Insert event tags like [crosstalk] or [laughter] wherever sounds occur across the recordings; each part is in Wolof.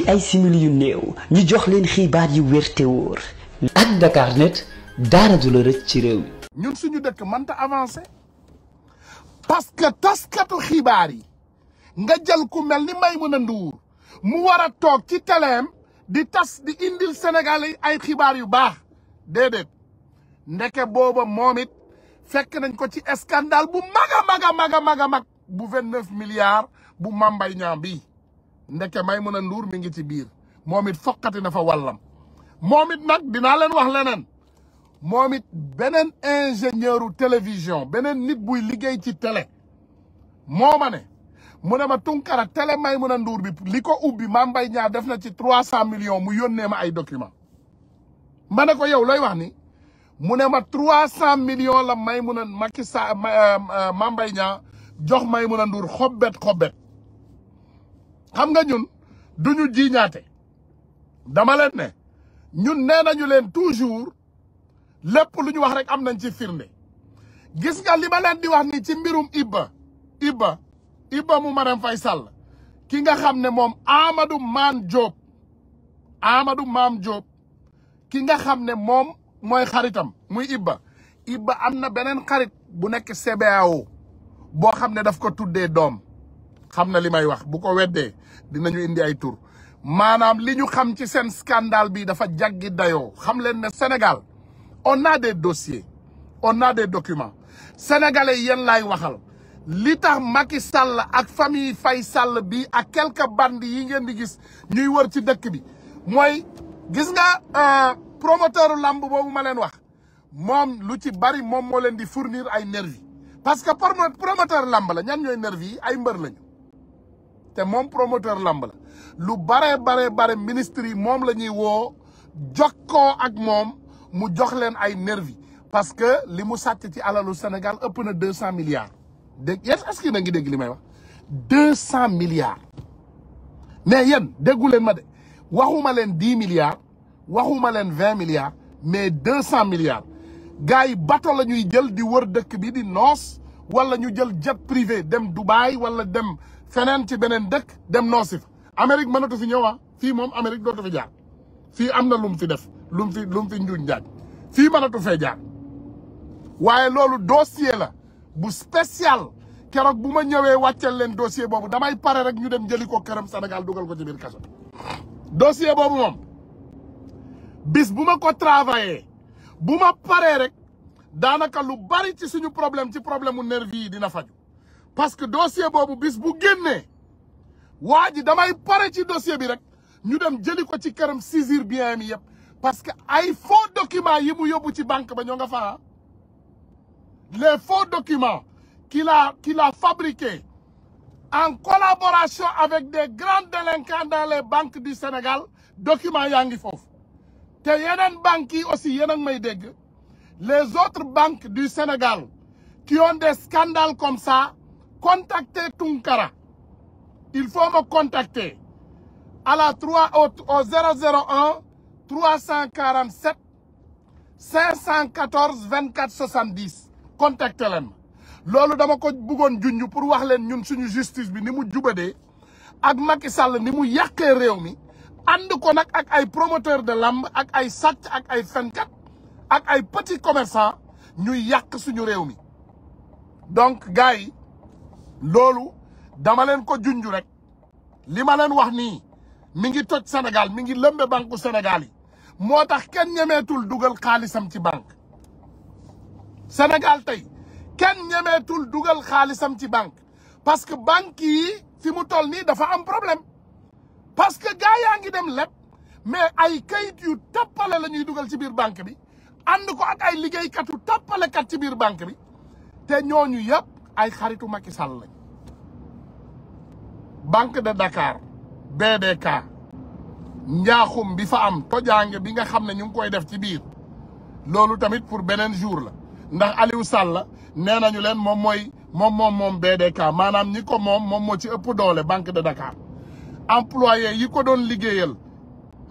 ci ay simili yu néew ñu jox leen xibaar yu wér te wóor. ak Dakarnet daara la rëcc ci réew mi. ñun suñu dëkk mënta avancé parce que taskatu xibaar yi nga jël ku mel ni Maimouna Ndour mu war a toog ci teleem di tas di indil Sénégal ay xibaar yu baax déedéet ndeke booba moom it fekk nañ ko ci scandale bu mag a mag bu vingt neuf bu Mame Mbaye Niang bii ndeke a nduur mi ngi ci biir moom it fokkati na fa wàllam moom it nag dinaa leen wax leneen moom it beneen ingénieur u télévision beneen nit buy liggéey ci télé moo ma ne mu ne ma Tunkara télé a nduur bi li ko ubbi Mame Mbaye Niang def na ci trois cent millions mu yónnee ma ay document ma ne ko yow looy wax ni mu ne ma trois cent millions la Maimouna Macky Sall euh, euh, Mame Mbaye Niang jox may a nduur xobbet xobbet xam nga ñun du ñu jiiñaate dama leen ne ñun nee nañu leen toujours lépp lu ñu wax rek am nañ ci firnde gis nga li ma leen di wax ni ci mbirum Ibba Ibba Ibba mu Marème Faye Sall ki nga xam ne moom Amadou Mame Diop Amadou Mame Diop ki nga xam ne moom mooy xaritam muy Ibba Ibba am na beneen xarit bu nekk CBAO boo xam ne daf ko tuddee doom xam na li may wax bu ko weddee dinañu indi ay tur maanaam li ñu xam ci seen scandale bi dafa jaggi dayoo xam leen ne Sénégal on a des dossiers on a des documents sénégalais laay waxal li tax Macky Sall ak famille Faye Sall bi ak quelques bandes yi ngeen di gis ñuy wër ci dëkk bi mooy gis nga euh, promoteur làmb boobu ma leen wax moom lu ci bari moom moo leen di fournir ay nervi parce que promoteur lamb la ñan ñooy nervi ay mbër lañu te moom promoteur lamb la lu bare bare bare ministre yi moom la ñuy woo jokkoo ak moom mu jox leen ay nervi parce que li mu sàcc ci alalu Sénégal ëpp na deux cent milliards dégg yéen na ngi dégg li may wax deux cent milliards mais yéen déggu leen ma de waxuma leen dix milliards waxuma leen vingt milliards mais deux cent milliards gars yi bato la ñuy jël di wër dëkk bi di noos wala ñu jël jet privé dem Dubaï wala dem feneen ci beneen dëkk dem noosi fa Amérique mënatu fi ñëwaa ah. fii moom Amérique dootu fi jaar fii am na lu mu fi def lu mu fi lu mu fi njuuñ njaaj fii mënatu fee jaar waaye loolu dossier la bu spécial keroog bu ma ñëwee wàcceel leen dossier boobu damay pare rek ñu dem jëli ko këram Sénégal dugal ko ci biir kaso dossier boobu moom bis bu ma ko travaillé bu ma paree rek daanaka lu bari ci suñu problème ci problème mu nervi yi dina faju parce que dossier boobu bis bu génnee waa ji damay pare ci dossier bi rek ñu dem jëli ko ci këram saisir bien mi yëpp parce que ay faux documents yi mu yóbbu ci banque ba ñoo nga faa les faux documents qu'il a qu'il a fabriqués en collaboration avec des grands délinquants dans les banques du Sénégal documents yaa ngi foofu te yeneen banques yi aussi yéen may dégg les autres banques du Sénégal qui ont des scandales comme contacter Tunkara il faut me contacter à la 3 au, au 001 vingt 514 24 70 contacter leen loolu dama ko bëggoon junj pour wax leen ñun suñu justice bi ni mu jubadee ak Macky Sall ni mu yàqee réew mi ànd ko nag ak ay promoteur de lamb ak ay sàcc ak ay fenkat ak ay petit commerçant ñuy yàq suñu réew mi donc gars loolu dama leen ko junj rek li ma leen wax nii mi ngi toj Sénégal mi ngi lëmbe banque Sénégal yi moo tax kenn ñemeetul dugal xaalisam ci banque senegal tey kenn ñemeetul dugal xaalisam ci banque parce que banque yi fi mu toll nii dafa am problème parce que gars yaa ngi dem leb mais ay kayit yu tappale la ñuy dugal ci biir banque bi ànd ko ak ay liggéeykatu kat ci biir banque bi te ñooñu yëpp ay xaritu Macky sal lañ Banque de Dakar BDK njaaxum bi fa am tojaange bi nga xam ne ñu ngi koy def ci biir loolu tamit pour beneen jour la ndax Aliou Sall nee nañu leen moom mooy moom moom moom BDK maanaam ñi ko moom moom moo ci ëpp doole Banque de Dakar employé yi ko doon liggéeyal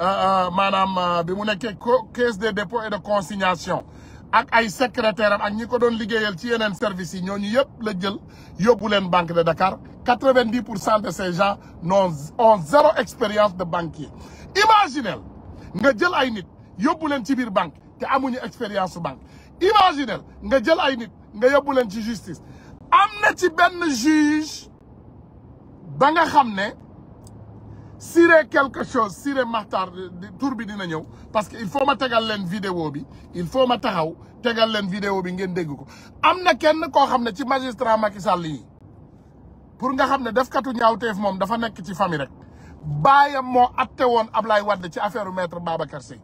euh, euh, maanaam euh, bi mu nekkee caisse des dépôts et de consignation ak ay secrétaire ak ñi ko doon liggéeyal ci yeneen services yi ñooñu yëpp la jël yóbbu leen banque de Dakar quatre-vingt-dix pour cent de ces gens n'ont ont zéro expérience de banquier imaginel nga jël ay nit yóbbu leen ci biir banque te amuñu expérience su banque imaginel nga jël ay nit nga yóbbu leen ci justice am na ci benn juge ba nga xam ne Siré quelque chose Siré Maxtaar tour bi dina ñëw parce que il faut ma tegal leen vidéo bi il faut ma taxaw tegal leen vidéo bi ngeen dégg ko am na kenn koo xam ne ci magistrat Macky Sall yi pour nga xam ne def defkatu ñaawteef moom dafa nekk ci famille rek baayam moo atte woon Ablaye Wade ci affaire maître baaba Sèye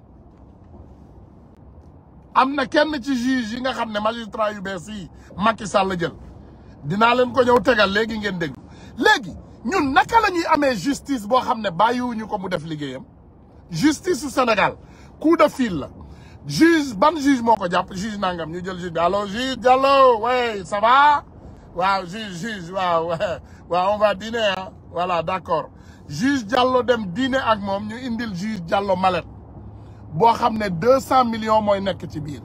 am na kenn ci juge yi nga xam ne magistrat yu bees yi Macky jël dinaa leen ko ñëw tegal léegi ngeen dégg léegi ñun naka la ñuy amee justice boo xam ne bàyyiwuñu ko mu def liggéeyam justice su Sénégal coup de fille la juge ban juge moo ko jàpp juge nangam ñu jël juge bi allo juge Diallo way ça va waaw juge juge waaw [laughs] waaw on va dîner d'accord juge Diallo dem dîner ak moom ñu indil juge jallo mallette boo xam ne deux cent millions mooy nekk ci biir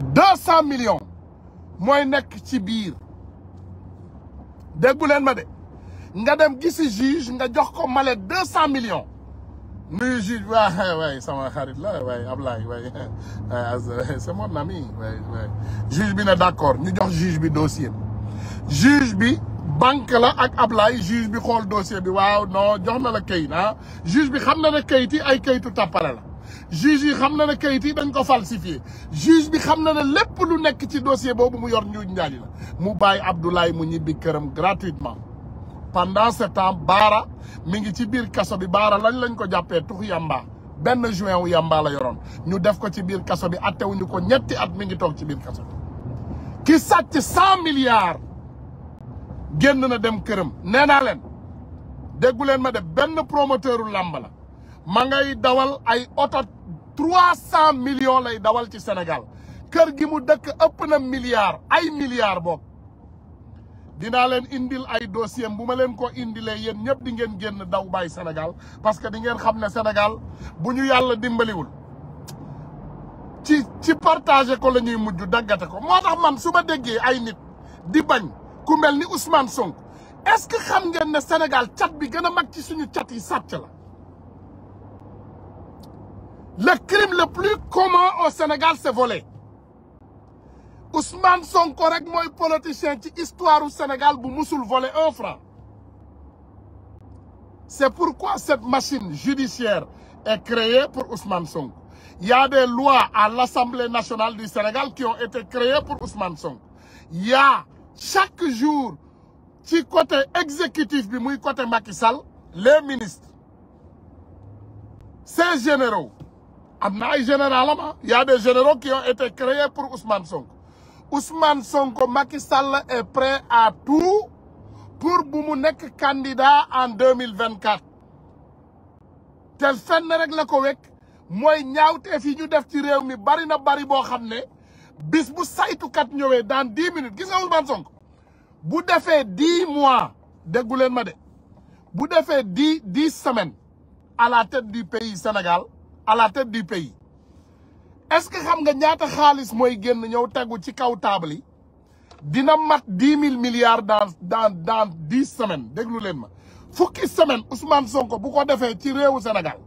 deux cent millions mooy nekk ci biir déggu leen ma de nga dem gisi juge nga jox ko male deux cent millions nuyu juge waay waay sama xarit la waay Ablaye waay c'est mon ami waay waay bi ne d'accord ñu jox juge bi dossier bi bi banque la ak Ablaye juge bi xool dossier bi waaw non jox na la kayit ah juge bi xam na ne kayit yi ay kayitu tàppale la juge yi xam na ne kayit yi dañ ko falsifié juge bi xam na na lépp lu nekk ci dossier boobu mu yor njuuj njaali la mu bàyyi Abdoulaye mu ñibbi këram gratuitement pendant ce temps Baara mi ngi ci biir kaso bi Baara lañ lañ ko jàppee tux yamba benn juin wu yamba la yoroon ñu def ko ci biir kaso bi attewuñu ko ñetti at mi ngi toog ci biir kaso bi ki sàcc cent génn na dem këram nee naa leen déggu leen ma def benn promoteuru làmb la ma ngay dawal ay oto trois cent millions lay dawal ci Sénégal kër gi mu dëkk ëpp na milliard ay milliards boobu dinaa leen indil ay dossier bu ma leen ko indilee yéen ñëpp di ngeen génn daw bàyyi Sénégal parce que di ngeen xam ne Sénégal bu ñu yàlla dimbaliwul ci ci partagé ko lañuy mujj daggate ko moo tax man su ma déggee ay nit di bañ ku mel ni Ousmane Sonko est-ce que xam ngeen ne Sénégal cat bi gën a mag ci suñu cat yi sàcc la Le crime le plus commun au Sénégal c'est voler Ousmane Sonko rek mooy politicien ci histoire u Sénégal bu musul vole un franc c'est pourquoi cette machine judiciaire est créée pour Ousmane Sonko il y a des lois à l'Assemblée nationale du Sénégal qui ont été créées pour Ousmane Sonko il y a chaque jour ci côté exécutif bi muy côté Macky Sall les ministres ces généraux am na ay général ama ah. y a des généraux qui ont été créés pour Ousmane Sonko Ousmane Sonko Macky Sall est prêt à tout pour bu mu nekk candidat en deux mille vingt quatre te rek la ko mooy ñaawteef yi ñu def ci réew mi bari na bari boo xam ne bis bu saytukat ñëwee dans dix minutes gis nga Ousmane Sonko bu defee dix mois déggu leen ma de bu defee dix dix semaines à la tête du pays Sénégal à la tête du pays est-ce que xam nga ñaata xaalis mooy génn ñëw tegu ci kaw table yi dina mat dix mille milliards dans dans dans dix semaines déglu leen ma fukki semaine Ousmane Sonko bu ko defee ci réewu senegal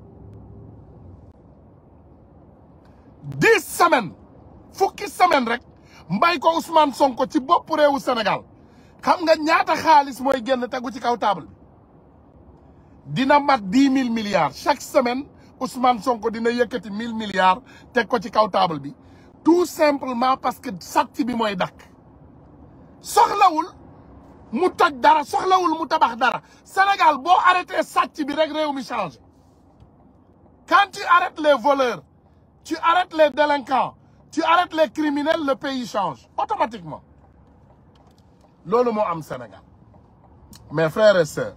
dix semaine fukki semaine rek mbay ko Ousmane Sonko ci bopp réewu Sénégal xam nga ñaata xaalis mooy génn tegu ci kaw table bi dina mat dix mille milliards chaque semaine Ousmane Sonko dina yëkkati mille milliards teg ko ci kaw bi tout simplement parce que sàcc bi mooy dakk soxlawul mu toj dara soxlawul mu tabax dara Sénégal boo arrêté sàcc bi rek réew mi changé quand tu arrêtes les voleurs tu arrêtes les délinquants tu arrêtes les le pays change automatiquement loolu moo am Sénégal mes frères et sœurs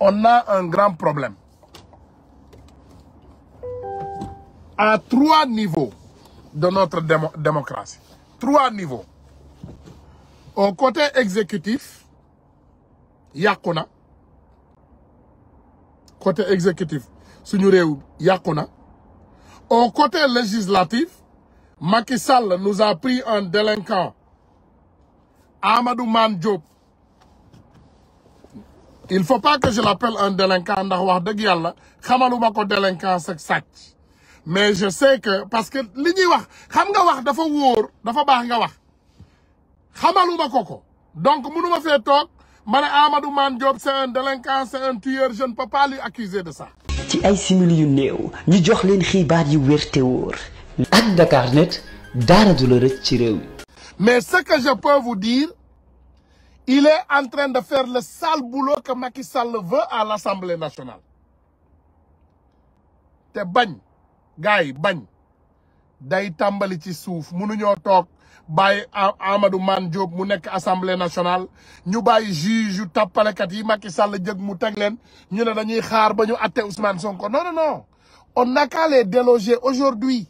on a un grand problème à trois niveaux de notre démo démocratie. Trois niveaux. Au côté exécutif, yàqu na côté exécutif suñu réew yàqu na au côté législatif Macky Sall nous a pris un délinquant Amadou Man Diop il faut pas que je l'appelle un délinquant ndax wax dëgg yàlla xamaluma ko délinquant ak sàcc mais je sais que parce que li ñuy wax xam nga wax dafa wóor dafa baax nga wax xamaluma ko ko donc mënuma fee toog ma ne Amadou Man Diop c'est un délinquant c'est un tueur je ne peux pas de ça. ci ay simili yu néew ñu jox leen xibaar yu wér te wóor. ak Dakarnet dara du la rëcc ci réew mi. mais ce que je peux vous dire il est en de faire le sale boulot que Macky Sall veut à l'Assemblée nationale te bañ. gars yi bañ day tàmbali ci suuf mënuñoo toog bàyyi Amadou Man Diop mu nekk assemblée nationale ñu bàyyi juge yu tàppalekat yi Macky Sall jëg mu teg leen ñu ne dañuy xaar bañu ñu atte Ousmane Sonko non non non on n'a qu'à les aujourd'hui